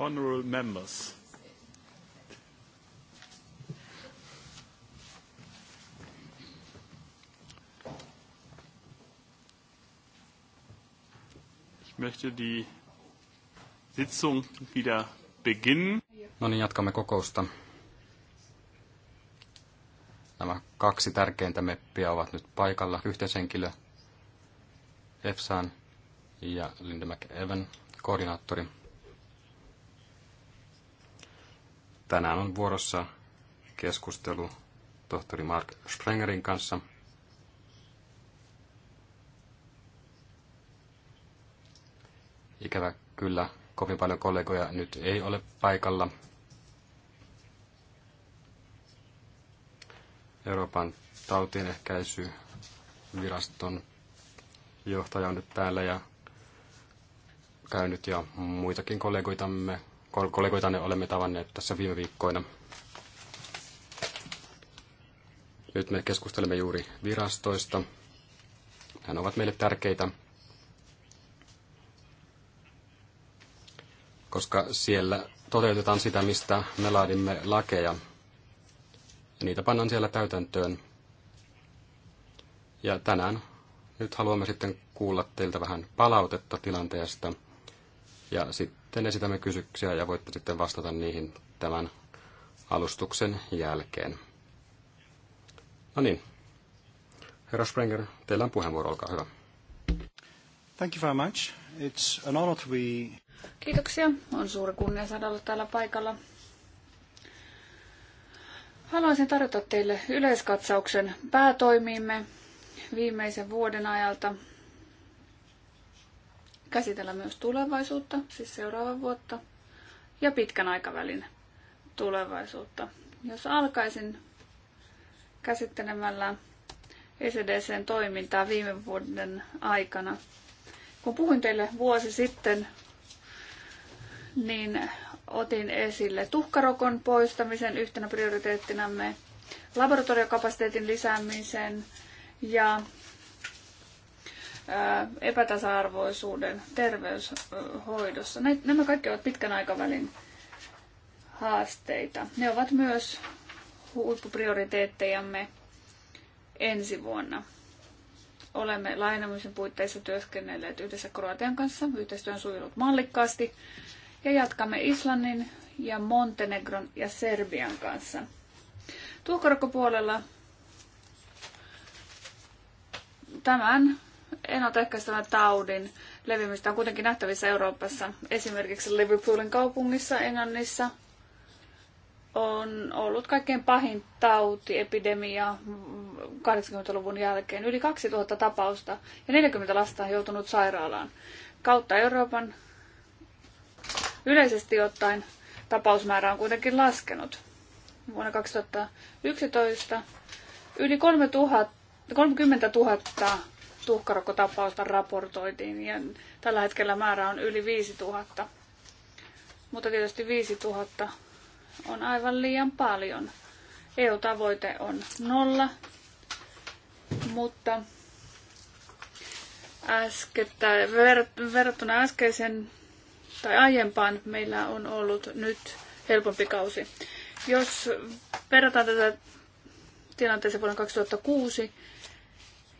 Honourable members. Ich möchte die Sitzung wieder beginnen. No niin, jatkamme kokousta. Nämä kaksi tärkeintä meppiä ovat nyt paikalla. Yhteishenkilö Efsan ja Linda McEwen, koordinaattori Tänään on vuorossa keskustelu tohtori Mark Sprengerin kanssa. Ikävä kyllä, kovin paljon kollegoja nyt ei ole paikalla. Euroopan ehkäisyviraston johtaja on nyt täällä ja käynyt ja muitakin kollegoitamme ne olemme tavanneet tässä viime viikkoina. Nyt me keskustelemme juuri virastoista. Nämä ovat meille tärkeitä, koska siellä toteutetaan sitä, mistä me laadimme lakeja. Ja niitä pannaan siellä täytäntöön. Ja tänään nyt haluamme sitten kuulla teiltä vähän palautetta tilanteesta. Ja sitten sitten esitämme kysyksiä ja voitte sitten vastata niihin tämän alustuksen jälkeen. No niin. Herra Sprenger, teillä on puheenvuoro, olkaa hyvä. Thank you very much. It's an honor to be... Kiitoksia. On suuri kunnia saada olla täällä paikalla. Haluaisin tarjota teille yleiskatsauksen päätoimiimme viimeisen vuoden ajalta – käsitellä myös tulevaisuutta, siis seuraavaa vuotta, ja pitkän aikavälin tulevaisuutta. Jos alkaisin käsittelemällä ECDCn toimintaa viime vuoden aikana, kun puhuin teille vuosi sitten, niin otin esille tuhkarokon poistamisen yhtenä prioriteettinamme, laboratoriokapasiteetin lisäämisen ja epätasa-arvoisuuden terveyshoidossa. Nämä kaikki ovat pitkän aikavälin haasteita. Ne ovat myös huippuprioriteettejamme ensi vuonna. Olemme lainamisen puitteissa työskennelleet yhdessä Kroatian kanssa. Yhteistyö on sujunut mallikkaasti ja jatkamme Islannin ja Montenegron ja Serbian kanssa. Tuokorkopuolella tämän ennaltaehkäistävän taudin levimistä on kuitenkin nähtävissä Euroopassa. Esimerkiksi Liverpoolin kaupungissa Englannissa on ollut kaikkein pahin tautiepidemia 80-luvun jälkeen. Yli 2000 tapausta ja 40 lasta on joutunut sairaalaan. Kautta Euroopan yleisesti ottaen tapausmäärä on kuitenkin laskenut. Vuonna 2011 yli 3000, 30 000 tuhkarokkotapausta raportoitiin ja tällä hetkellä määrä on yli 5000. Mutta tietysti 5000 on aivan liian paljon. EU-tavoite on nolla, mutta äskettä, ver, verrattuna äskeisen tai aiempaan meillä on ollut nyt helpompi kausi. Jos verrataan tätä tilanteeseen vuonna 2006,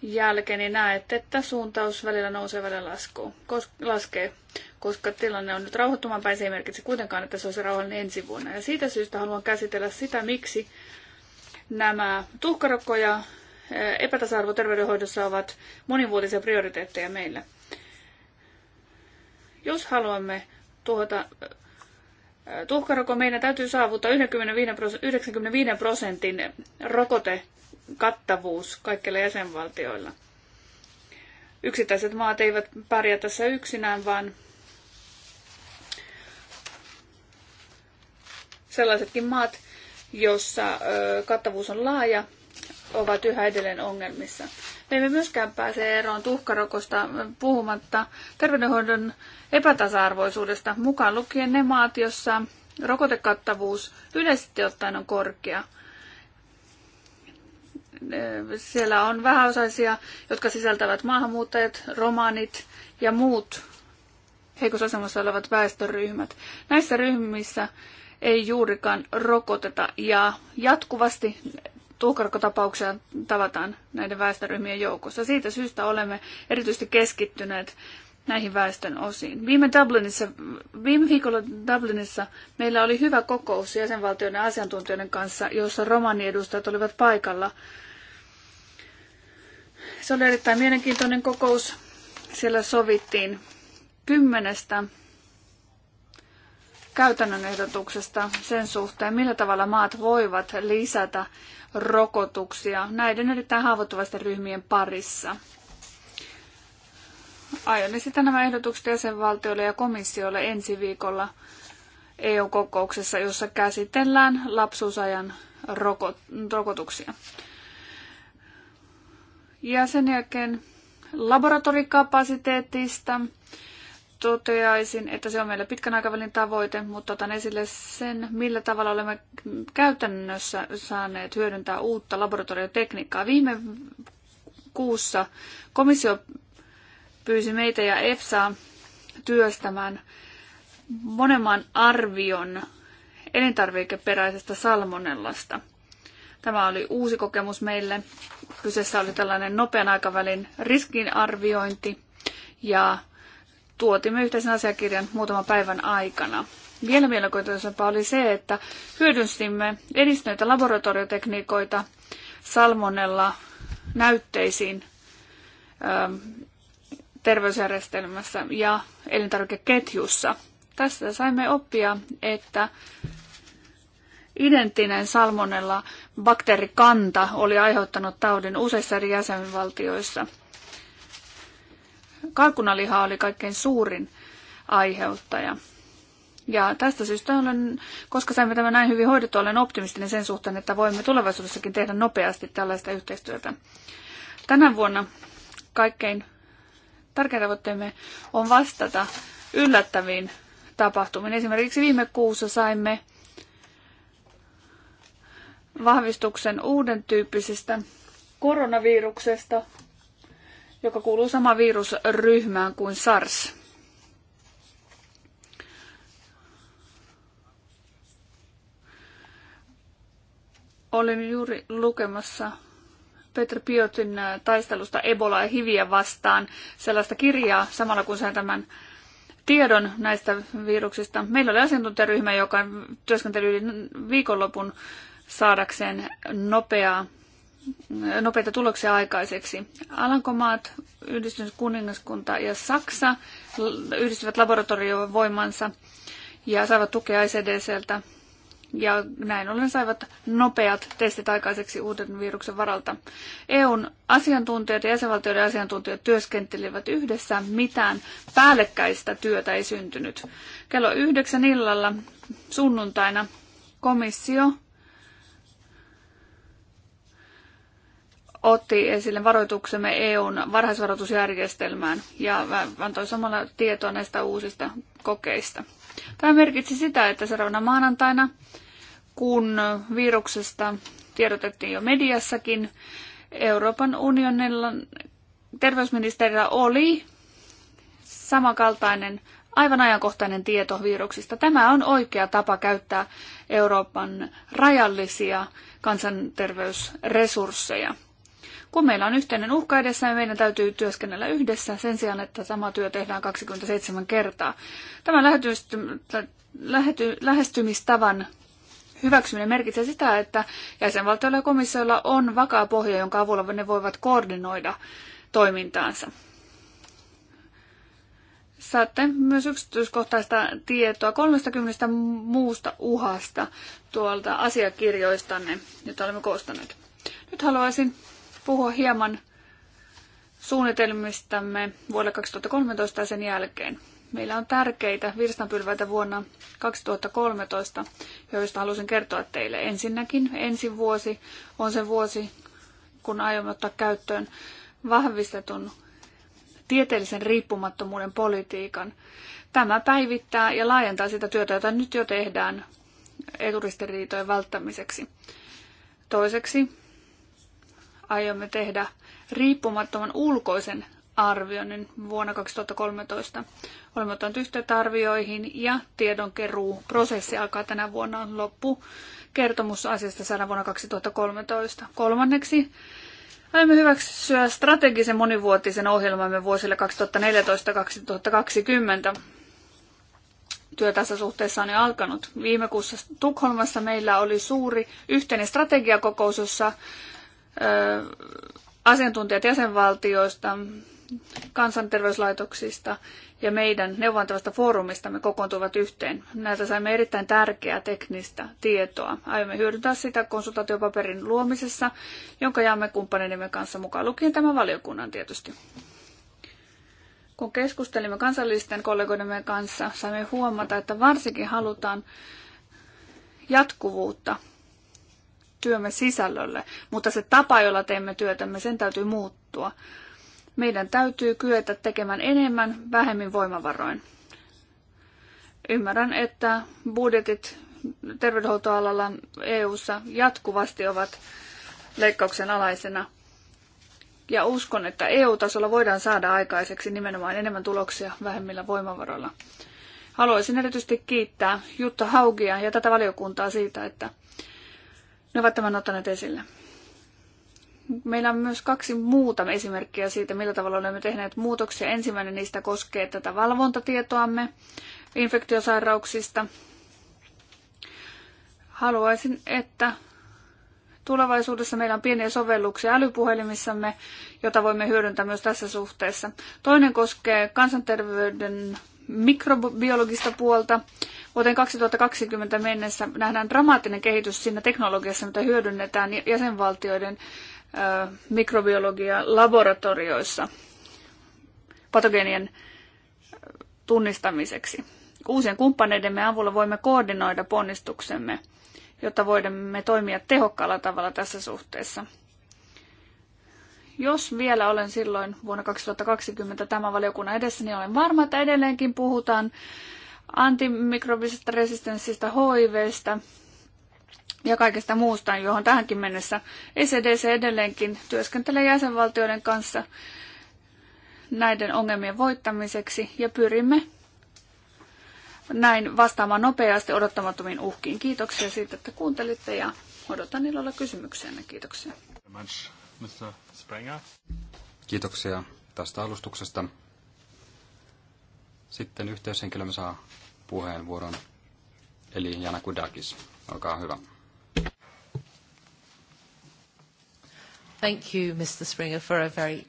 jälkeen, niin näette, että suuntaus välillä nousee välillä laskuu, kos- laskee, koska tilanne on nyt rauhoittumaan päin. Se ei merkitse kuitenkaan, että se olisi rauhallinen ensi vuonna. Ja siitä syystä haluan käsitellä sitä, miksi nämä tuhkarokkoja epätasa-arvo terveydenhoidossa ovat monivuotisia prioriteetteja meillä. Jos haluamme tuota tuhkaroko, meidän täytyy saavuttaa 95 prosentin rokote kattavuus kaikilla jäsenvaltioilla. Yksittäiset maat eivät pärjää tässä yksinään, vaan sellaisetkin maat, jossa kattavuus on laaja, ovat yhä edelleen ongelmissa. Me emme myöskään pääse eroon tuhkarokosta puhumatta terveydenhoidon epätasa-arvoisuudesta, mukaan lukien ne maat, joissa rokotekattavuus yleisesti ottaen on korkea – siellä on vähäosaisia, jotka sisältävät maahanmuuttajat, romaanit ja muut heikossa asemassa olevat väestöryhmät. Näissä ryhmissä ei juurikaan rokoteta ja jatkuvasti tuhkarokkotapauksia tavataan näiden väestöryhmien joukossa. Siitä syystä olemme erityisesti keskittyneet näihin väestön osiin. Viime, Dublinissa, viime viikolla Dublinissa meillä oli hyvä kokous jäsenvaltioiden asiantuntijoiden kanssa, jossa romaniedustajat olivat paikalla. Se oli erittäin mielenkiintoinen kokous. Siellä sovittiin kymmenestä käytännön ehdotuksesta sen suhteen, millä tavalla maat voivat lisätä rokotuksia näiden erittäin haavoittuvaisten ryhmien parissa aion esittää nämä ehdotukset jäsenvaltioille ja komissiolle ensi viikolla EU-kokouksessa, jossa käsitellään lapsuusajan rokotuksia. Ja sen jälkeen laboratorikapasiteetista toteaisin, että se on meillä pitkän aikavälin tavoite, mutta otan esille sen, millä tavalla olemme käytännössä saaneet hyödyntää uutta laboratoriotekniikkaa. Viime kuussa komissio pyysi meitä ja EFSAa työstämään monemman arvion elintarvikeperäisestä salmonellasta. Tämä oli uusi kokemus meille. Kyseessä oli tällainen nopean aikavälin riskinarviointi ja tuotimme yhteisen asiakirjan muutaman päivän aikana. Vielä mielenkiintoisempaa oli se, että hyödynsimme edistyneitä laboratoriotekniikoita salmonella näytteisiin terveysjärjestelmässä ja elintarvikeketjussa. tässä saimme oppia, että identtinen salmonella bakteerikanta oli aiheuttanut taudin useissa eri jäsenvaltioissa. Kalkunaliha oli kaikkein suurin aiheuttaja. Ja tästä syystä olen, koska saimme tämän näin hyvin hoidettua, olen optimistinen sen suhteen, että voimme tulevaisuudessakin tehdä nopeasti tällaista yhteistyötä. Tänä vuonna kaikkein tärkeä tavoitteemme on vastata yllättäviin tapahtumiin. Esimerkiksi viime kuussa saimme vahvistuksen uuden tyyppisestä koronaviruksesta, joka kuuluu samaan virusryhmään kuin SARS. Olin juuri lukemassa Peter Piotin äh, taistelusta Ebola ja Hiviä vastaan sellaista kirjaa, samalla kun sain tämän tiedon näistä viruksista. Meillä oli asiantuntijaryhmä, joka työskenteli yli viikonlopun saadakseen nopeaa, nopeita tuloksia aikaiseksi. Alankomaat, yhdistynyt kuningaskunta ja Saksa yhdistivät laboratoriovoimansa ja saivat tukea ICDCltä ja näin ollen saivat nopeat testit aikaiseksi uuden viruksen varalta. EUn asiantuntijat ja jäsenvaltioiden asiantuntijat työskentelivät yhdessä, mitään päällekkäistä työtä ei syntynyt. Kello yhdeksän illalla sunnuntaina komissio otti esille varoituksemme EUn varhaisvaroitusjärjestelmään ja antoi samalla tietoa näistä uusista kokeista. Tämä merkitsi sitä, että seuraavana maanantaina, kun viruksesta tiedotettiin jo mediassakin, Euroopan unionilla terveysministerillä oli samankaltainen aivan ajankohtainen tieto viruksista. Tämä on oikea tapa käyttää Euroopan rajallisia kansanterveysresursseja. Kun meillä on yhteinen uhka edessä, niin meidän täytyy työskennellä yhdessä sen sijaan, että sama työ tehdään 27 kertaa. Tämän lähestymistavan hyväksyminen merkitsee sitä, että jäsenvaltioilla ja komissioilla on vakaa pohja, jonka avulla ne voivat koordinoida toimintaansa. Saatte myös yksityiskohtaista tietoa 30 muusta uhasta tuolta asiakirjoistanne, jota olemme koostaneet. Nyt haluaisin puhua hieman suunnitelmistamme vuodelle 2013 ja sen jälkeen. Meillä on tärkeitä virstanpylväitä vuonna 2013, joista halusin kertoa teille. Ensinnäkin ensi vuosi on se vuosi, kun aiomme ottaa käyttöön vahvistetun tieteellisen riippumattomuuden politiikan. Tämä päivittää ja laajentaa sitä työtä, jota nyt jo tehdään eturistiriitojen välttämiseksi. Toiseksi aiomme tehdä riippumattoman ulkoisen arvioinnin vuonna 2013. Olemme ottaneet yhteyttä arvioihin ja tiedonkeruu prosessi alkaa tänä vuonna loppu. Kertomus asiasta saada vuonna 2013. Kolmanneksi Aiomme hyväksyä strategisen monivuotisen ohjelmamme vuosille 2014-2020. Työ tässä suhteessa on jo alkanut. Viime kuussa Tukholmassa meillä oli suuri yhteinen strategiakokous, jossa asiantuntijat jäsenvaltioista, kansanterveyslaitoksista ja meidän neuvontavasta foorumistamme kokoontuivat yhteen. Näiltä saimme erittäin tärkeää teknistä tietoa. Aiomme hyödyntää sitä konsultaatiopaperin luomisessa, jonka jaamme kumppaneidemme kanssa mukaan lukien tämän valiokunnan tietysti. Kun keskustelimme kansallisten kollegoidemme kanssa, saimme huomata, että varsinkin halutaan jatkuvuutta työmme sisällölle, mutta se tapa, jolla teemme työtämme, sen täytyy muuttua. Meidän täytyy kyetä tekemään enemmän vähemmin voimavaroin. Ymmärrän, että budjetit terveydenhuoltoalalla EU:ssa jatkuvasti ovat leikkauksen alaisena. Ja uskon, että EU-tasolla voidaan saada aikaiseksi nimenomaan enemmän tuloksia vähemmillä voimavaroilla. Haluaisin erityisesti kiittää Jutta Haugia ja tätä valiokuntaa siitä, että ne ovat tämän ottaneet esille. Meillä on myös kaksi muuta esimerkkiä siitä, millä tavalla olemme tehneet muutoksia. Ensimmäinen niistä koskee tätä valvontatietoamme infektiosairauksista. Haluaisin, että tulevaisuudessa meillä on pieniä sovelluksia älypuhelimissamme, jota voimme hyödyntää myös tässä suhteessa. Toinen koskee kansanterveyden mikrobiologista puolta. Vuoteen 2020 mennessä nähdään dramaattinen kehitys siinä teknologiassa, mitä hyödynnetään jäsenvaltioiden mikrobiologian laboratorioissa patogeenien tunnistamiseksi. Uusien kumppaneidemme avulla voimme koordinoida ponnistuksemme, jotta voimme toimia tehokkaalla tavalla tässä suhteessa. Jos vielä olen silloin vuonna 2020 tämän valiokunnan edessä, niin olen varma, että edelleenkin puhutaan antimikrobisesta resistenssistä, HIVstä ja kaikesta muusta, johon tähänkin mennessä ECDC edelleenkin työskentelee jäsenvaltioiden kanssa näiden ongelmien voittamiseksi ja pyrimme näin vastaamaan nopeasti odottamattomiin uhkiin. Kiitoksia siitä, että kuuntelitte ja odotan ilolla kysymyksiä. Kiitoksia. Kiitoksia tästä alustuksesta. Sitten yhteyshenkilömme saa puheenvuoron, eli Jana Kudakis. Olkaa hyvä. Thank you, Mr. Springer, for a very...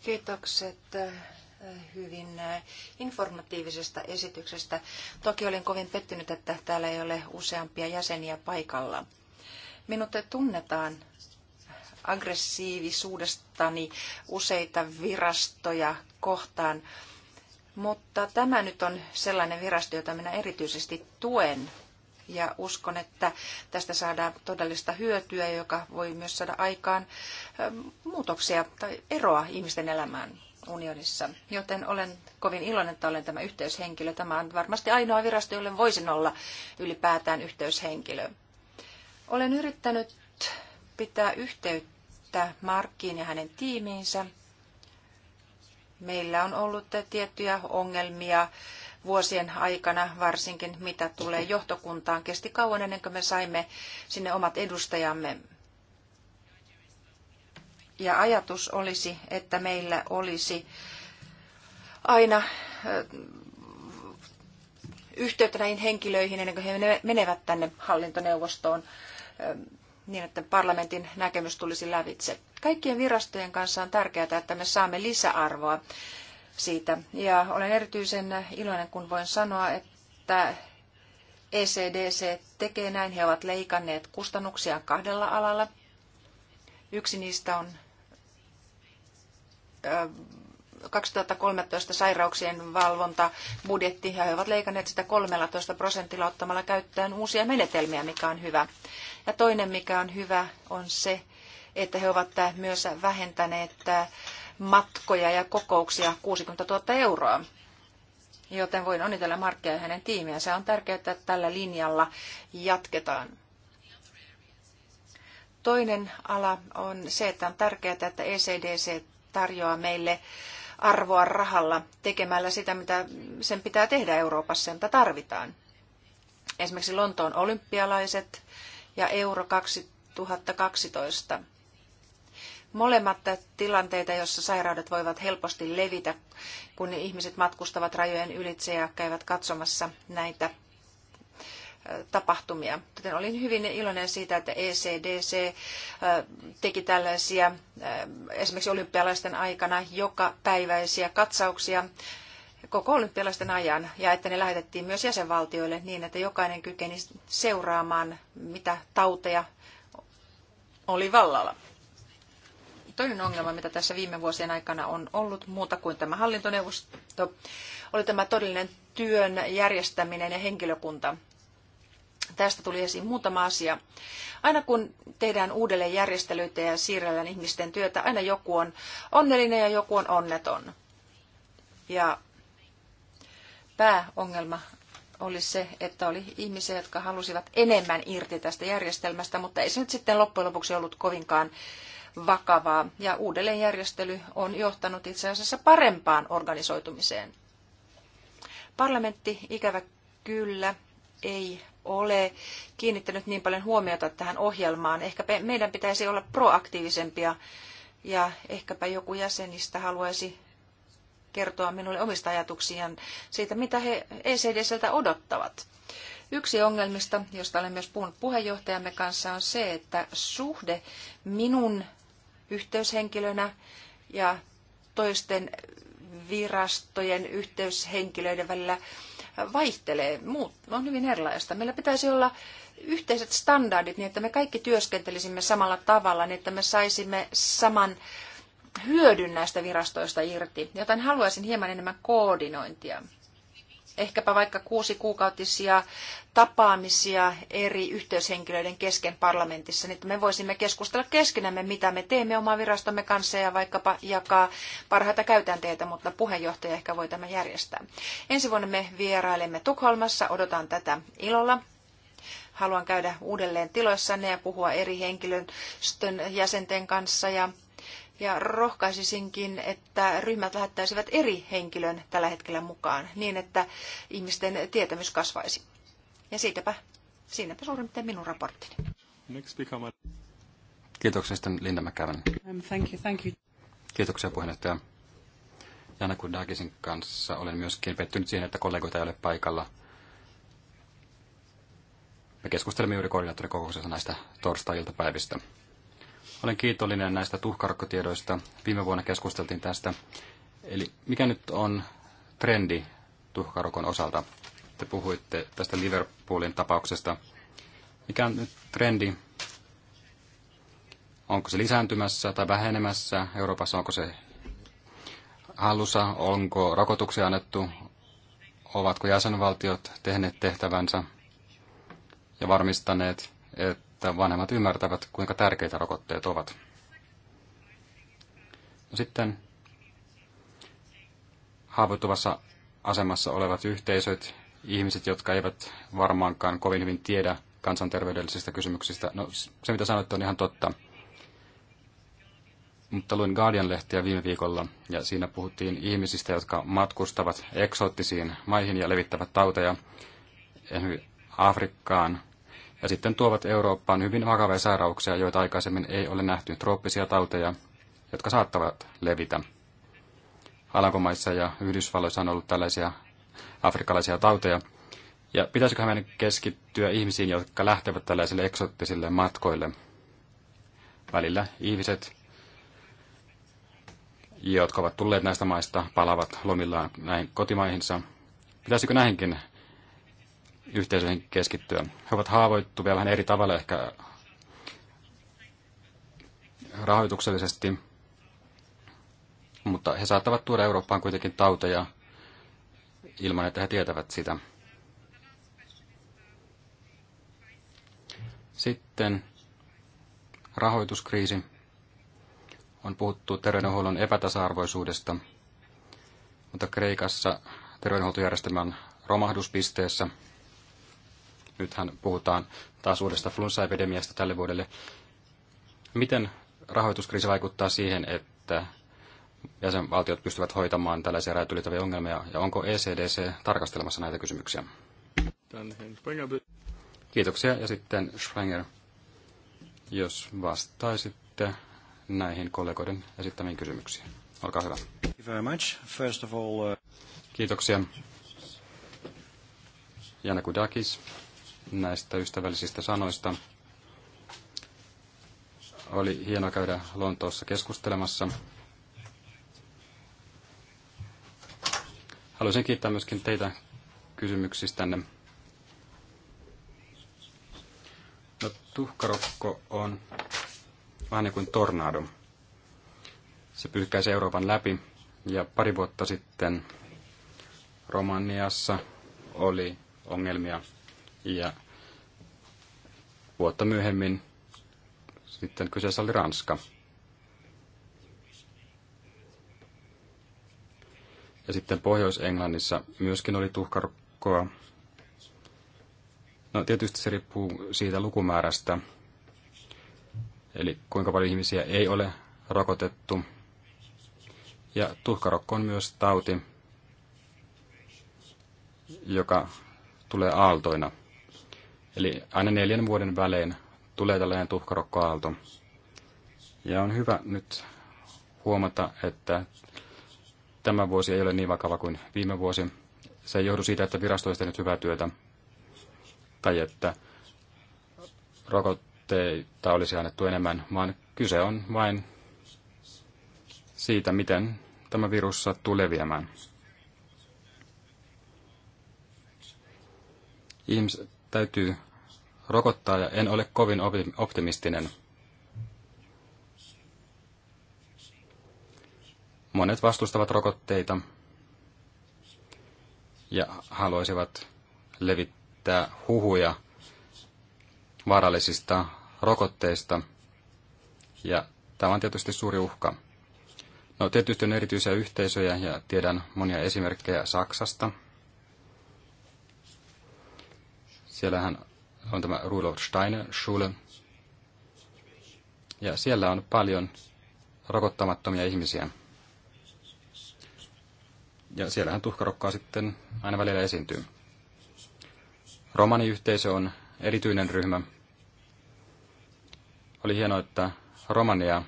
Kiitokset äh, hyvin äh, informatiivisesta esityksestä. Toki olin kovin pettynyt, että täällä ei ole useampia jäseniä paikalla. Minut tunnetaan aggressiivisuudestani useita virastoja kohtaan mutta tämä nyt on sellainen virasto, jota minä erityisesti tuen ja uskon, että tästä saadaan todellista hyötyä, joka voi myös saada aikaan ähm, muutoksia tai eroa ihmisten elämään unionissa. Joten olen kovin iloinen, että olen tämä yhteyshenkilö. Tämä on varmasti ainoa virasto, jolle voisin olla ylipäätään yhteyshenkilö. Olen yrittänyt pitää yhteyttä Markkiin ja hänen tiimiinsä Meillä on ollut tiettyjä ongelmia vuosien aikana, varsinkin mitä tulee johtokuntaan. Kesti kauan ennen kuin me saimme sinne omat edustajamme. Ja ajatus olisi, että meillä olisi aina yhteyttä näihin henkilöihin ennen kuin he menevät tänne hallintoneuvostoon niin, että parlamentin näkemys tulisi lävitse. Kaikkien virastojen kanssa on tärkeää, että me saamme lisäarvoa siitä. Ja olen erityisen iloinen, kun voin sanoa, että ECDC tekee näin. He ovat leikanneet kustannuksia kahdella alalla. Yksi niistä on 2013 sairauksien valvonta budjetti ja he ovat leikanneet sitä 13 prosentilla ottamalla käyttöön uusia menetelmiä, mikä on hyvä. Ja toinen, mikä on hyvä, on se, että he ovat myös vähentäneet matkoja ja kokouksia 60 000 euroa. Joten voin onnitella Markkia ja hänen tiimiänsä. On tärkeää, että tällä linjalla jatketaan. Toinen ala on se, että on tärkeää, että ECDC tarjoaa meille arvoa rahalla tekemällä sitä, mitä sen pitää tehdä Euroopassa, mitä tarvitaan. Esimerkiksi Lontoon olympialaiset ja Euro 2012 molemmat tilanteita, joissa sairaudet voivat helposti levitä, kun ihmiset matkustavat rajojen ylitse ja käyvät katsomassa näitä tapahtumia. Joten olin hyvin iloinen siitä, että ECDC teki tällaisia esimerkiksi olympialaisten aikana joka päiväisiä katsauksia koko olympialaisten ajan ja että ne lähetettiin myös jäsenvaltioille niin, että jokainen kykeni seuraamaan, mitä tauteja oli vallalla. Toinen ongelma, mitä tässä viime vuosien aikana on ollut muuta kuin tämä hallintoneuvosto, oli tämä todellinen työn järjestäminen ja henkilökunta. Tästä tuli esiin muutama asia. Aina kun tehdään uudelleen järjestelyitä ja siirrellään ihmisten työtä, aina joku on onnellinen ja joku on onneton. Ja pääongelma oli se, että oli ihmisiä, jotka halusivat enemmän irti tästä järjestelmästä, mutta ei se nyt sitten loppujen lopuksi ollut kovinkaan vakavaa ja uudelleenjärjestely on johtanut itse asiassa parempaan organisoitumiseen. Parlamentti ikävä kyllä ei ole kiinnittänyt niin paljon huomiota tähän ohjelmaan. Ehkä meidän pitäisi olla proaktiivisempia ja ehkäpä joku jäsenistä haluaisi kertoa minulle omista ajatuksiaan siitä, mitä he ECDCltä odottavat. Yksi ongelmista, josta olen myös puhunut puheenjohtajamme kanssa, on se, että suhde minun yhteyshenkilönä ja toisten virastojen yhteyshenkilöiden välillä vaihtelee. Muut on hyvin erilaista. Meillä pitäisi olla yhteiset standardit niin, että me kaikki työskentelisimme samalla tavalla, niin että me saisimme saman hyödyn näistä virastoista irti. Joten haluaisin hieman enemmän koordinointia ehkäpä vaikka kuusi kuukautisia tapaamisia eri yhteyshenkilöiden kesken parlamentissa, niin että me voisimme keskustella keskenämme, mitä me teemme oman virastomme kanssa ja vaikkapa jakaa parhaita käytänteitä, mutta puheenjohtaja ehkä voi tämän järjestää. Ensi vuonna me vierailemme Tukholmassa, odotan tätä ilolla. Haluan käydä uudelleen tiloissanne ja puhua eri henkilöstön jäsenten kanssa ja ja rohkaisisinkin, että ryhmät lähettäisivät eri henkilön tällä hetkellä mukaan niin, että ihmisten tietämys kasvaisi. Ja siitäpä, siinäpä suurin piirtein minun raporttini. Kiitoksia sitten Linda McCavan. Um, thank you, thank you. Kiitoksia puheenjohtaja. Jana Kudakisin kanssa olen myöskin pettynyt siihen, että kollegoita ei ole paikalla. Me keskustelemme juuri koordinaattorikokouksessa näistä torstai-iltapäivistä. Olen kiitollinen näistä tuhkarokkotiedoista. Viime vuonna keskusteltiin tästä. Eli mikä nyt on trendi tuhkarokon osalta? Te puhuitte tästä Liverpoolin tapauksesta. Mikä on nyt trendi? Onko se lisääntymässä tai vähenemässä Euroopassa? Onko se hallussa? Onko rokotuksia annettu? Ovatko jäsenvaltiot tehneet tehtävänsä ja varmistaneet, että että vanhemmat ymmärtävät, kuinka tärkeitä rokotteet ovat. No sitten haavoittuvassa asemassa olevat yhteisöt, ihmiset, jotka eivät varmaankaan kovin hyvin tiedä kansanterveydellisistä kysymyksistä. No se, mitä sanoitte, on ihan totta. Mutta luin Guardian-lehtiä viime viikolla, ja siinä puhuttiin ihmisistä, jotka matkustavat eksoottisiin maihin ja levittävät tauteja, esimerkiksi Afrikkaan, ja sitten tuovat Eurooppaan hyvin vakavia sairauksia, joita aikaisemmin ei ole nähty, trooppisia tauteja, jotka saattavat levitä. Alankomaissa ja Yhdysvalloissa on ollut tällaisia afrikkalaisia tauteja, ja pitäisikö meidän keskittyä ihmisiin, jotka lähtevät tällaisille eksoottisille matkoille? Välillä ihmiset, jotka ovat tulleet näistä maista, palavat lomillaan näihin kotimaihinsa. Pitäisikö näihinkin yhteisöihin keskittyä. He ovat haavoittuvia vähän eri tavalla ehkä rahoituksellisesti, mutta he saattavat tuoda Eurooppaan kuitenkin tauteja ilman, että he tietävät sitä. Sitten rahoituskriisi. On puhuttu terveydenhuollon epätasa-arvoisuudesta, mutta Kreikassa terveydenhuoltojärjestelmän romahduspisteessä – Nythän puhutaan taas uudesta flunssaepidemiasta tälle vuodelle. Miten rahoituskriisi vaikuttaa siihen, että jäsenvaltiot pystyvät hoitamaan tällaisia rajat ongelmia, ja onko ECDC tarkastelemassa näitä kysymyksiä? Kiitoksia, ja sitten Schrenger, jos vastaisitte näihin kollegoiden esittämiin kysymyksiin. Olkaa hyvä. Uh, Kiitoksia. Jana Kudakis näistä ystävällisistä sanoista. Oli hienoa käydä Lontoossa keskustelemassa. Haluaisin kiittää myöskin teitä kysymyksistänne. No, tuhkarokko on vähän niin kuin tornado. Se pyyhkäisi Euroopan läpi ja pari vuotta sitten Romaniassa oli ongelmia ja vuotta myöhemmin sitten kyseessä oli Ranska. Ja sitten Pohjois-Englannissa myöskin oli tuhkarukkoa. No tietysti se riippuu siitä lukumäärästä, eli kuinka paljon ihmisiä ei ole rokotettu. Ja tuhkarokko on myös tauti, joka tulee aaltoina – Eli aina neljän vuoden välein tulee tällainen tuhkarokkoaalto. Ja on hyvä nyt huomata, että tämä vuosi ei ole niin vakava kuin viime vuosi. Se ei johdu siitä, että virasto on tehnyt hyvää työtä tai että rokotteita olisi annettu enemmän, vaan kyse on vain siitä, miten tämä virus sattuu leviämään. Ihmiset täytyy rokottaa ja en ole kovin optimistinen. Monet vastustavat rokotteita ja haluaisivat levittää huhuja vaarallisista rokotteista. Ja tämä on tietysti suuri uhka. No tietysti on erityisiä yhteisöjä ja tiedän monia esimerkkejä Saksasta, Siellähän on tämä Rudolf Steiner-schule. Ja siellä on paljon rokottamattomia ihmisiä. Ja siellähän tuhkarokkaa sitten aina välillä esiintyy. Romaniyhteisö on erityinen ryhmä. Oli hienoa, että Romania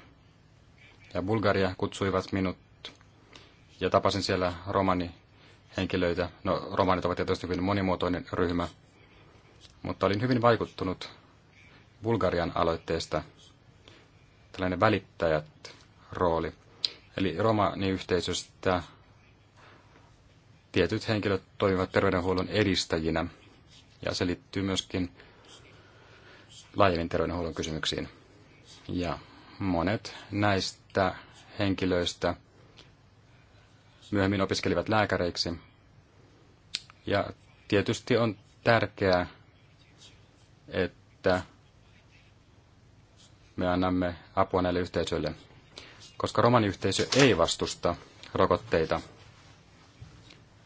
ja Bulgaria kutsuivat minut ja tapasin siellä romani henkilöitä. No, romanit ovat tietysti hyvin monimuotoinen ryhmä mutta olin hyvin vaikuttunut Bulgarian aloitteesta tällainen välittäjät rooli. Eli romaniyhteisöstä tietyt henkilöt toimivat terveydenhuollon edistäjinä, ja se liittyy myöskin laajemmin terveydenhuollon kysymyksiin. Ja monet näistä henkilöistä myöhemmin opiskelivat lääkäreiksi. Ja tietysti on tärkeää että me annamme apua näille yhteisöille, koska romaniyhteisö ei vastusta rokotteita.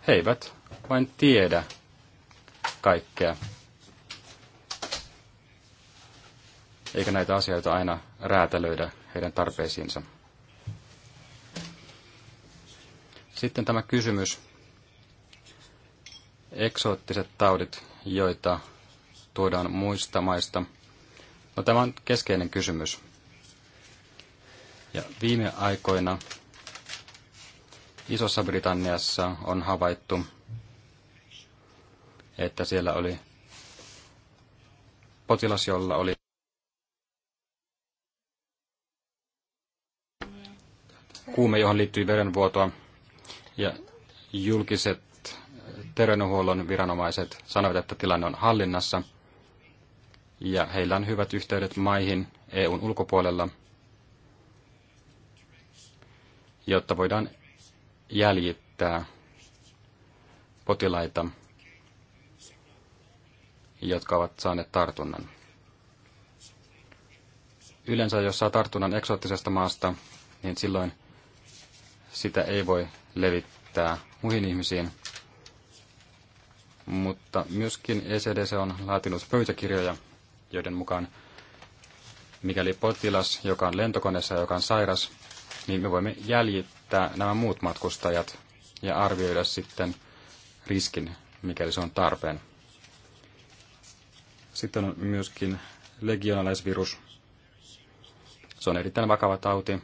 He eivät vain tiedä kaikkea. Eikä näitä asioita aina räätälöidä heidän tarpeisiinsa. Sitten tämä kysymys. Eksoottiset taudit, joita tuodaan muista maista. No, tämä on keskeinen kysymys. Ja viime aikoina Isossa Britanniassa on havaittu, että siellä oli potilas, jolla oli kuume, johon liittyi verenvuotoa. Ja julkiset terveydenhuollon viranomaiset sanoivat, että tilanne on hallinnassa – ja heillä on hyvät yhteydet maihin EUn ulkopuolella, jotta voidaan jäljittää potilaita, jotka ovat saaneet tartunnan. Yleensä jos saa tartunnan eksoottisesta maasta, niin silloin sitä ei voi levittää muihin ihmisiin. Mutta myöskin ECDC on laatinut pöytäkirjoja, joiden mukaan mikäli potilas, joka on lentokoneessa ja joka on sairas, niin me voimme jäljittää nämä muut matkustajat ja arvioida sitten riskin, mikäli se on tarpeen. Sitten on myöskin legionalaisvirus. Se on erittäin vakava tauti,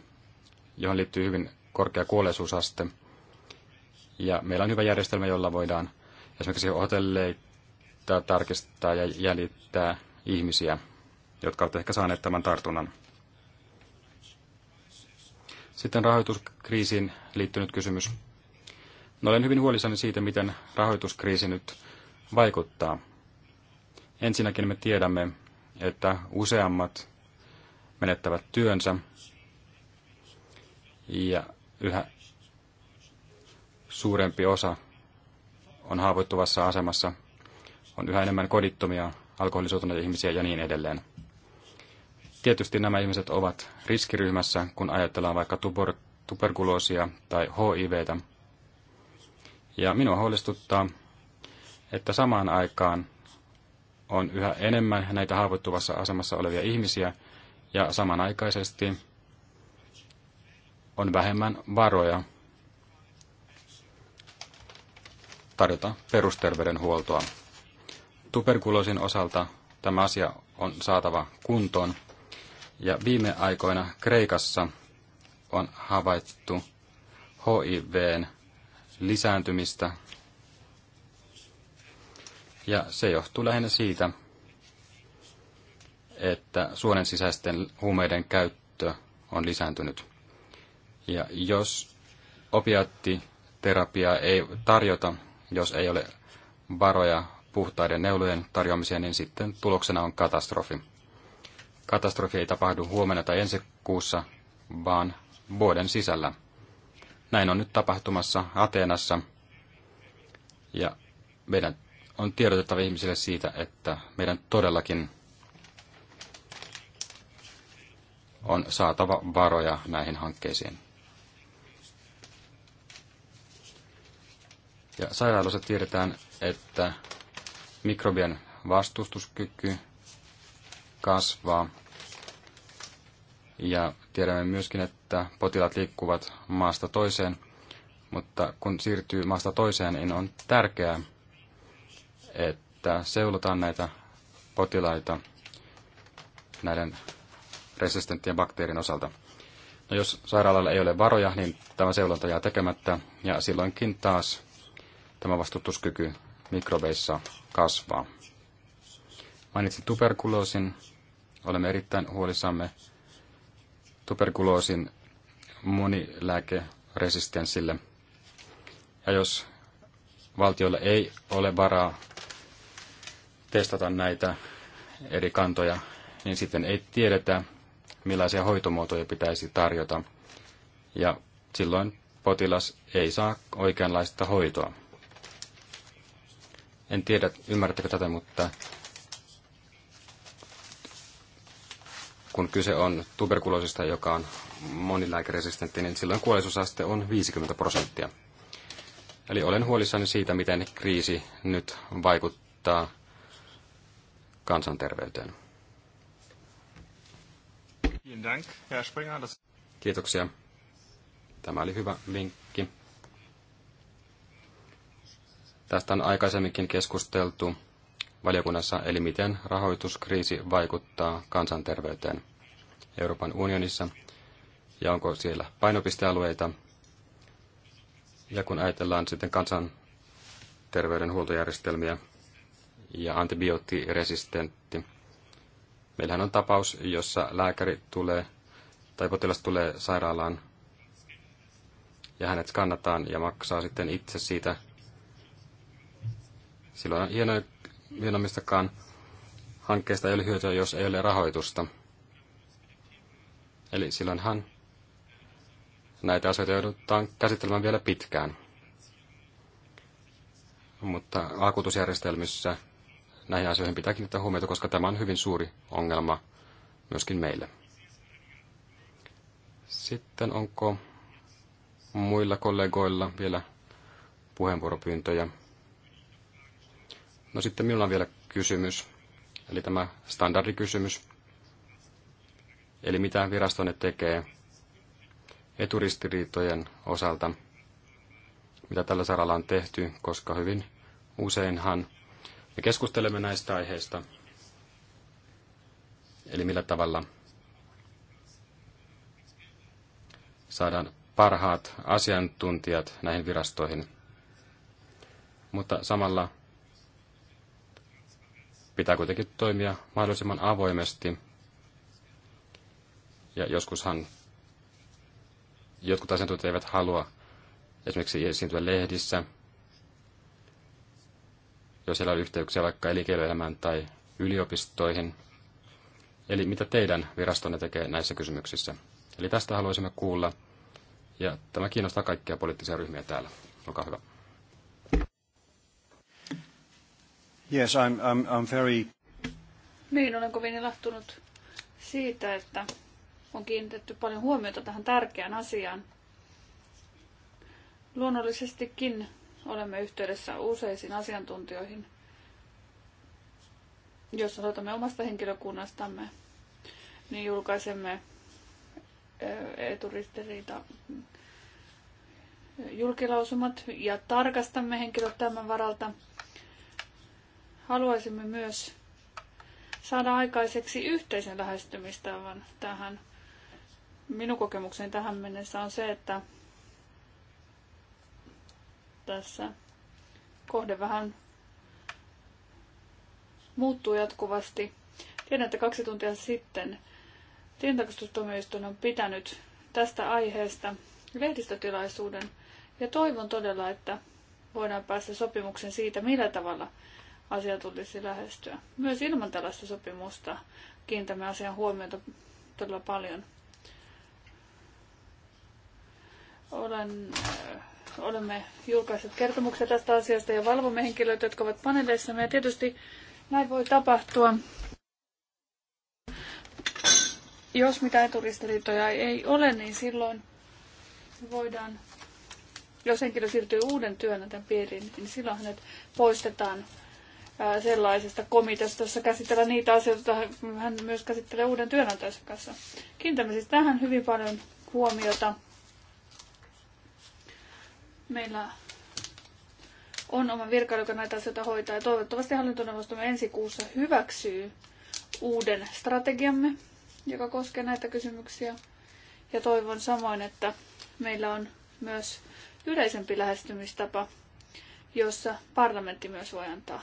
johon liittyy hyvin korkea kuolleisuusaste. Ja meillä on hyvä järjestelmä, jolla voidaan esimerkiksi hotelleita tarkistaa ja jäljittää ihmisiä, jotka ovat ehkä saaneet tämän tartunnan. Sitten rahoituskriisiin liittynyt kysymys. No, olen hyvin huolissani siitä, miten rahoituskriisi nyt vaikuttaa. Ensinnäkin me tiedämme, että useammat menettävät työnsä ja yhä suurempi osa on haavoittuvassa asemassa. On yhä enemmän kodittomia alkoholisoituneita ihmisiä ja niin edelleen. Tietysti nämä ihmiset ovat riskiryhmässä, kun ajatellaan vaikka tuber- tuberkuloosia tai HIVtä. Ja minua huolestuttaa, että samaan aikaan on yhä enemmän näitä haavoittuvassa asemassa olevia ihmisiä ja samanaikaisesti on vähemmän varoja tarjota perusterveydenhuoltoa tuberkuloosin osalta tämä asia on saatava kuntoon. Ja viime aikoina Kreikassa on havaittu HIVn lisääntymistä. Ja se johtuu lähinnä siitä, että suonen sisäisten huumeiden käyttö on lisääntynyt. Ja jos opiaattiterapiaa ei tarjota, jos ei ole varoja puhtaiden neulojen tarjoamiseen, niin sitten tuloksena on katastrofi. Katastrofi ei tapahdu huomenna tai ensi kuussa, vaan vuoden sisällä. Näin on nyt tapahtumassa Ateenassa, ja meidän on tiedotettava ihmisille siitä, että meidän todellakin on saatava varoja näihin hankkeisiin. Ja sairaaloissa tiedetään, että Mikrobien vastustuskyky kasvaa. Ja tiedämme myöskin, että potilaat liikkuvat maasta toiseen, mutta kun siirtyy maasta toiseen, niin on tärkeää, että seulotaan näitä potilaita näiden resistenttien bakteerin osalta. No jos sairaalalla ei ole varoja, niin tämä seulonta jää tekemättä ja silloinkin taas tämä vastustuskyky mikrobeissa kasvaa. Mainitsin tuberkuloosin. Olemme erittäin huolissamme tuberkuloosin monilääkeresistenssille. Ja jos valtioilla ei ole varaa testata näitä eri kantoja, niin sitten ei tiedetä, millaisia hoitomuotoja pitäisi tarjota. Ja silloin potilas ei saa oikeanlaista hoitoa. En tiedä, ymmärrättekö tätä, mutta kun kyse on tuberkuloosista, joka on monilääkeresistentti, niin silloin kuolleisuusaste on 50 prosenttia. Eli olen huolissani siitä, miten kriisi nyt vaikuttaa kansanterveyteen. Kiitoksia. Tämä oli hyvä vinkki. Tästä on aikaisemminkin keskusteltu valiokunnassa, eli miten rahoituskriisi vaikuttaa kansanterveyteen Euroopan unionissa ja onko siellä painopistealueita. Ja kun ajatellaan sitten kansanterveydenhuoltojärjestelmiä ja antibioottiresistentti, meillähän on tapaus, jossa lääkäri tulee tai potilas tulee sairaalaan ja hänet skannataan ja maksaa sitten itse siitä Silloin hienoja, hienommistakaan hankkeesta ei ole hyötyä, jos ei ole rahoitusta. Eli silloinhan näitä asioita joudutaan käsittelemään vielä pitkään. Mutta akutusjärjestelmissä näihin asioihin pitää kiinnittää huomiota, koska tämä on hyvin suuri ongelma myöskin meille. Sitten onko muilla kollegoilla vielä puheenvuoropyyntöjä? No sitten minulla on vielä kysymys, eli tämä standardikysymys. Eli mitä virasto tekee eturistiriitojen osalta, mitä tällä saralla on tehty, koska hyvin useinhan me keskustelemme näistä aiheista. Eli millä tavalla saadaan parhaat asiantuntijat näihin virastoihin. Mutta samalla pitää kuitenkin toimia mahdollisimman avoimesti. Ja joskushan jotkut asiantuntijat eivät halua esimerkiksi esiintyä lehdissä, jos siellä on yhteyksiä vaikka elinkeinoelämään tai yliopistoihin. Eli mitä teidän virastonne tekee näissä kysymyksissä? Eli tästä haluaisimme kuulla, ja tämä kiinnostaa kaikkia poliittisia ryhmiä täällä. Olkaa hyvä. Yes, I'm, I'm, I'm very... Niin, olen kovin ilahtunut siitä, että on kiinnitetty paljon huomiota tähän tärkeään asiaan. Luonnollisestikin olemme yhteydessä useisiin asiantuntijoihin, jos aloitamme omasta henkilökunnastamme, niin julkaisemme eturistiriita julkilausumat ja tarkastamme henkilöt tämän varalta. Haluaisimme myös saada aikaiseksi yhteisen lähestymistavan tähän. Minun kokemukseni tähän mennessä on se, että tässä kohde vähän muuttuu jatkuvasti. Tiedän, että kaksi tuntia sitten tilintarkastustuomioistuin on pitänyt tästä aiheesta lehdistötilaisuuden ja toivon todella, että voidaan päästä sopimukseen siitä, millä tavalla asia tulisi lähestyä. Myös ilman tällaista sopimusta kiintämme asian huomiota todella paljon. Olen, äh, olemme julkaisseet kertomuksia tästä asiasta ja valvomme henkilöitä, jotka ovat paneeleissamme. Ja tietysti näin voi tapahtua, jos mitään eturistiriitoja ei ole, niin silloin voidaan, jos henkilö siirtyy uuden työnantajan piiriin, niin silloin hänet poistetaan sellaisesta komiteasta, jossa käsitellään niitä asioita, joita hän myös käsittelee uuden työnantajansa kanssa. Kiinnitämme siis tähän hyvin paljon huomiota. Meillä on oma virka, joka näitä asioita hoitaa. Ja toivottavasti hallintoneuvostomme ensi kuussa hyväksyy uuden strategiamme, joka koskee näitä kysymyksiä. Ja toivon samoin, että meillä on myös yleisempi lähestymistapa, jossa parlamentti myös voi antaa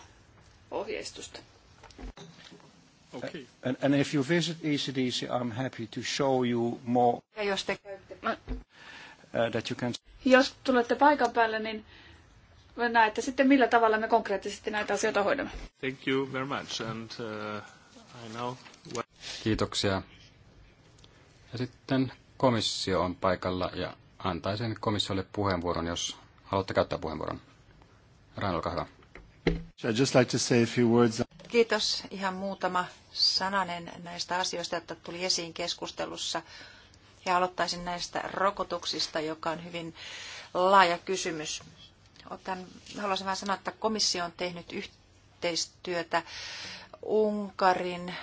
ohjeistusta. Okay. And, if you visit ECDC, I'm happy to show you more. Ja jos te käytte, uh, that you can... Jos tulette paikan päälle, niin näette sitten millä tavalla me konkreettisesti näitä asioita hoidamme. Thank you very much and uh, I know what... Kiitoksia. Ja sitten komissio on paikalla ja antaisin komissiolle puheenvuoron, jos haluatte käyttää puheenvuoron. Rain, olkaa hyvä. Kiitos. Ihan muutama sananen näistä asioista, jotka tuli esiin keskustelussa. Ja aloittaisin näistä rokotuksista, joka on hyvin laaja kysymys. Otan, haluaisin vain sanoa, että komissio on tehnyt yhteistyötä Unkarin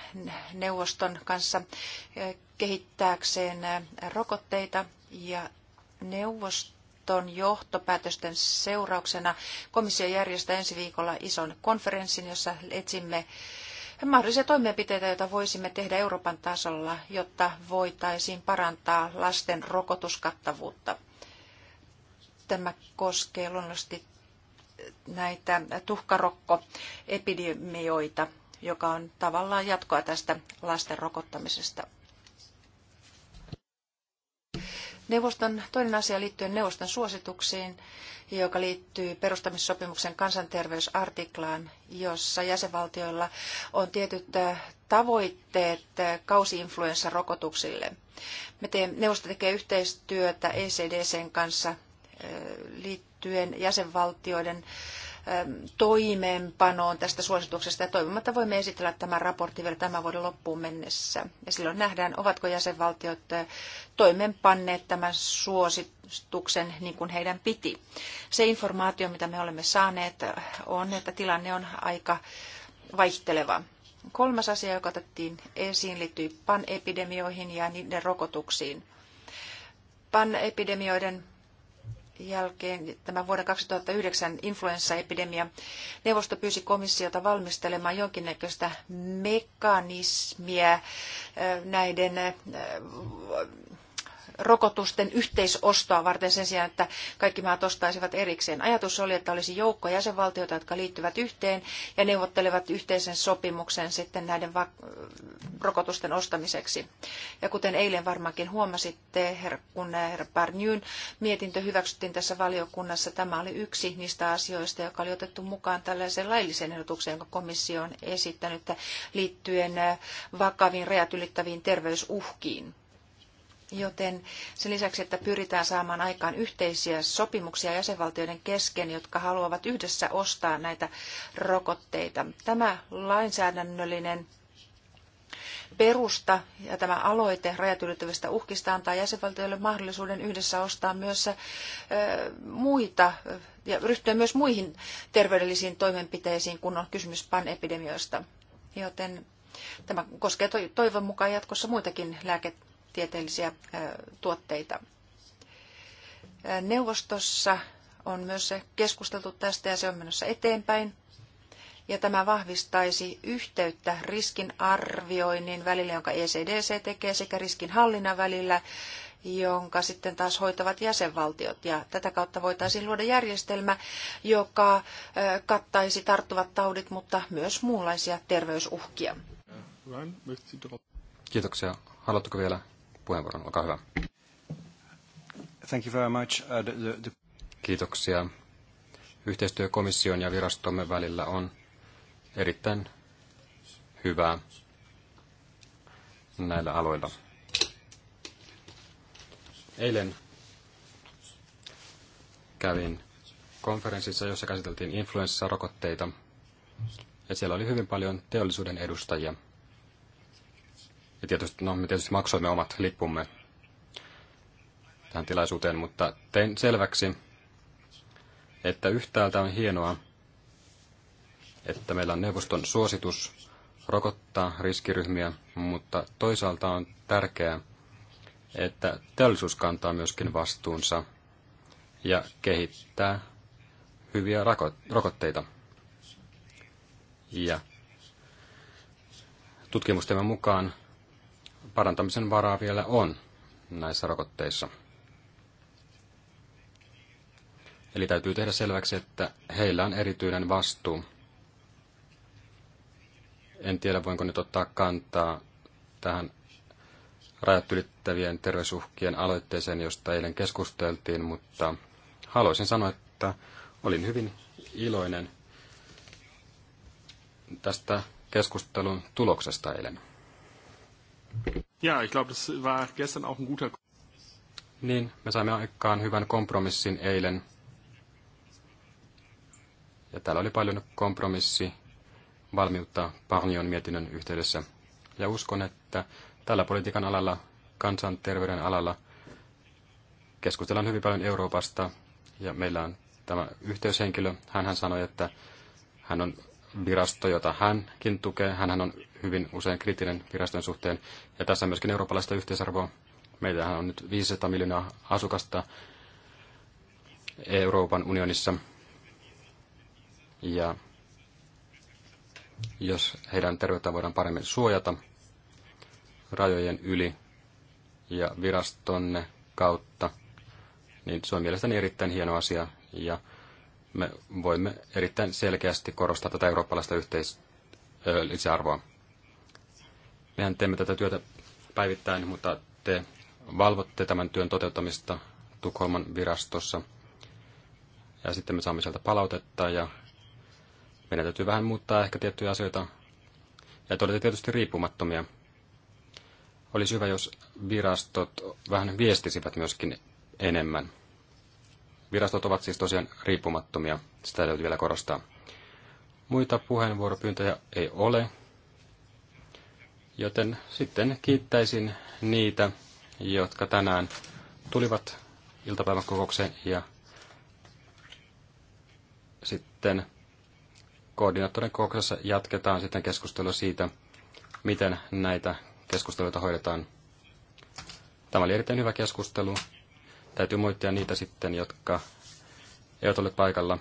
neuvoston kanssa kehittääkseen rokotteita ja neuvosto neuvoston johtopäätösten seurauksena komissio järjestää ensi viikolla ison konferenssin, jossa etsimme mahdollisia toimenpiteitä, joita voisimme tehdä Euroopan tasolla, jotta voitaisiin parantaa lasten rokotuskattavuutta. Tämä koskee luonnollisesti näitä tuhkarokkoepidemioita, joka on tavallaan jatkoa tästä lasten rokottamisesta. Neuvoston toinen asia liittyen neuvoston suosituksiin, joka liittyy perustamissopimuksen kansanterveysartiklaan, jossa jäsenvaltioilla on tietyt äh, tavoitteet äh, kausiinfluenssarokotuksille. Me teemme, neuvosto tekee yhteistyötä ECDCn kanssa äh, liittyen jäsenvaltioiden toimeenpanoon tästä suosituksesta ja toivon, että voimme esitellä tämän raportin vielä tämän vuoden loppuun mennessä. Ja silloin nähdään, ovatko jäsenvaltiot toimeenpanneet tämän suosituksen niin kuin heidän piti. Se informaatio, mitä me olemme saaneet, on, että tilanne on aika vaihteleva. Kolmas asia, joka otettiin esiin, liittyy panepidemioihin ja niiden rokotuksiin. Panepidemioiden jälkeen, tämä vuoden 2009 influenssaepidemia, neuvosto pyysi komissiota valmistelemaan jonkinnäköistä mekanismia näiden rokotusten yhteisostoa varten sen sijaan, että kaikki maat ostaisivat erikseen. Ajatus oli, että olisi joukko jäsenvaltioita, jotka liittyvät yhteen ja neuvottelevat yhteisen sopimuksen sitten näiden rokotusten ostamiseksi. Ja kuten eilen varmaankin huomasitte, her- kun herra Barnyn mietintö hyväksyttiin tässä valiokunnassa, tämä oli yksi niistä asioista, joka oli otettu mukaan tällaiseen lailliseen ehdotukseen, jonka komissio on esittänyt liittyen eh, vakaviin rajat ylittäviin terveysuhkiin. Joten sen lisäksi, että pyritään saamaan aikaan yhteisiä sopimuksia jäsenvaltioiden kesken, jotka haluavat yhdessä ostaa näitä rokotteita. Tämä lainsäädännöllinen perusta ja tämä aloite rajat ylittävistä uhkista antaa jäsenvaltioille mahdollisuuden yhdessä ostaa myös muita ja ryhtyä myös muihin terveydellisiin toimenpiteisiin, kun on kysymys panepidemioista. Joten tämä koskee toivon mukaan jatkossa muitakin lääketieteellisiä lääketieteellisiä tuotteita. Neuvostossa on myös keskusteltu tästä ja se on menossa eteenpäin. Ja tämä vahvistaisi yhteyttä riskin arvioinnin välillä, jonka ECDC tekee, sekä riskin hallinnan välillä, jonka sitten taas hoitavat jäsenvaltiot. Ja tätä kautta voitaisiin luoda järjestelmä, joka kattaisi tarttuvat taudit, mutta myös muunlaisia terveysuhkia. Kiitoksia. Haluatteko vielä puheenvuoron. Olkaa hyvä. Thank you very much. Uh, the, Kiitoksia. Yhteistyö komission ja virastomme välillä on erittäin hyvää näillä aloilla. Eilen kävin konferenssissa, jossa käsiteltiin influenssarokotteita, ja siellä oli hyvin paljon teollisuuden edustajia – ja tietysti, no, me tietysti maksoimme omat lippumme tähän tilaisuuteen, mutta tein selväksi, että yhtäältä on hienoa, että meillä on neuvoston suositus rokottaa riskiryhmiä, mutta toisaalta on tärkeää, että teollisuus kantaa myöskin vastuunsa ja kehittää hyviä rokotteita. Ja tutkimustemme mukaan parantamisen varaa vielä on näissä rokotteissa. Eli täytyy tehdä selväksi, että heillä on erityinen vastuu. En tiedä, voinko nyt ottaa kantaa tähän rajat ylittävien terveysuhkien aloitteeseen, josta eilen keskusteltiin, mutta haluaisin sanoa, että olin hyvin iloinen tästä keskustelun tuloksesta eilen. Ja, ich glaube, das war gestern auch ein guter... Niin, me saimme aikaan hyvän kompromissin eilen. Ja täällä oli paljon kompromissi valmiutta Parnion mietinnön yhteydessä. Ja uskon, että tällä politiikan alalla, kansanterveyden alalla, keskustellaan hyvin paljon Euroopasta. Ja meillä on tämä yhteyshenkilö. hän sanoi, että hän on virasto, jota hänkin tukee. hän on hyvin usein kriittinen viraston suhteen. Ja tässä on myöskin eurooppalaista yhteisarvoa. Meitähän on nyt 500 miljoonaa asukasta Euroopan unionissa. Ja jos heidän terveyttä voidaan paremmin suojata rajojen yli ja virastonne kautta, niin se on mielestäni erittäin hieno asia ja me voimme erittäin selkeästi korostaa tätä eurooppalaista yhteisarvoa. Mehän teemme tätä työtä päivittäin, mutta te valvotte tämän työn toteuttamista Tukholman virastossa. Ja sitten me saamme sieltä palautetta ja meidän täytyy vähän muuttaa ehkä tiettyjä asioita. Ja te olette tietysti riippumattomia. Olisi hyvä, jos virastot vähän viestisivät myöskin enemmän. Virastot ovat siis tosiaan riippumattomia, sitä täytyy vielä korostaa. Muita puheenvuoropyyntöjä ei ole, Joten sitten kiittäisin niitä, jotka tänään tulivat iltapäivän kokoukseen ja sitten koordinaattorin kokouksessa jatketaan sitten keskustelua siitä, miten näitä keskusteluita hoidetaan. Tämä oli erittäin hyvä keskustelu. Täytyy moittia niitä sitten, jotka eivät ole paikalla.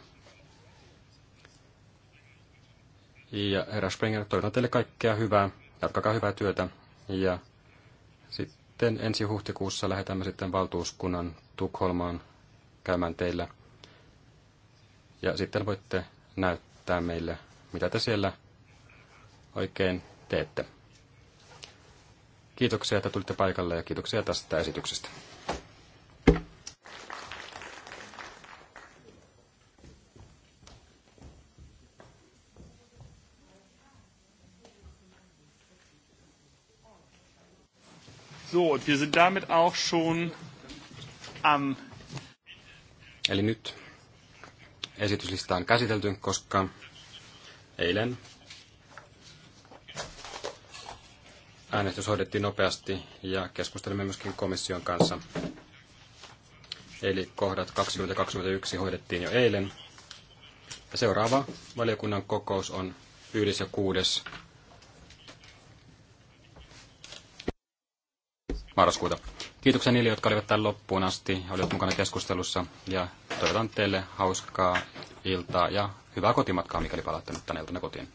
Ja herra Springer, toivotan teille kaikkea hyvää. Jatkakaa hyvää työtä ja sitten ensi huhtikuussa lähetämme sitten valtuuskunnan Tukholmaan käymään teillä. Ja sitten voitte näyttää meille, mitä te siellä oikein teette. Kiitoksia, että tulitte paikalle ja kiitoksia tästä esityksestä. So, und wir sind damit auch schon am... Eli nyt esityslista on käsitelty, koska eilen äänestys hoidettiin nopeasti ja keskustelimme myöskin komission kanssa. Eli kohdat 2021 hoidettiin jo eilen. Ja seuraava valiokunnan kokous on 5. ja 6. marraskuuta. Kiitoksia niille, jotka olivat tämän loppuun asti, olivat mukana keskustelussa ja toivotan teille hauskaa iltaa ja hyvää kotimatkaa, mikäli palaatte nyt tänne iltana kotiin.